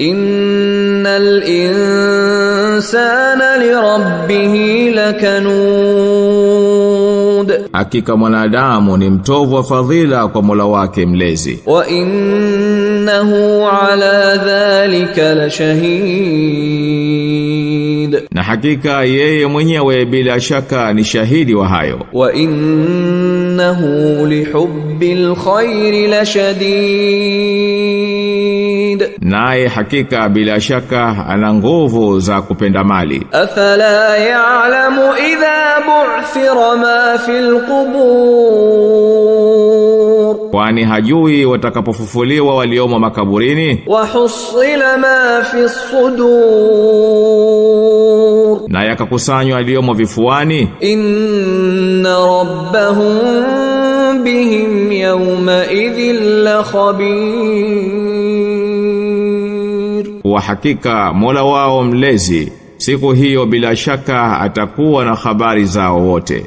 إن الإنسان لربه لكنود hakika mwanadamu ni mtovu wa fadhila kwa Mola wake mlezi wa innahu ala dhalika lashahid na hakika yeye mwenyewe bila shaka ni shahidi wa hayo wa innahu lihubbil khairi lashadid naye hakika bila shaka ana nguvu za kupenda mali. Afala yaalamu idha bu'thira ma fil qubur, kwani hajui watakapofufuliwa waliomo makaburini. Wa husila ma fi sudur, na yakakusanywa aliyomo vifuani. Inna rabbahum bihim yawma idhil khabir kuwa hakika Mola wao mlezi siku hiyo bila shaka atakuwa na habari zao wote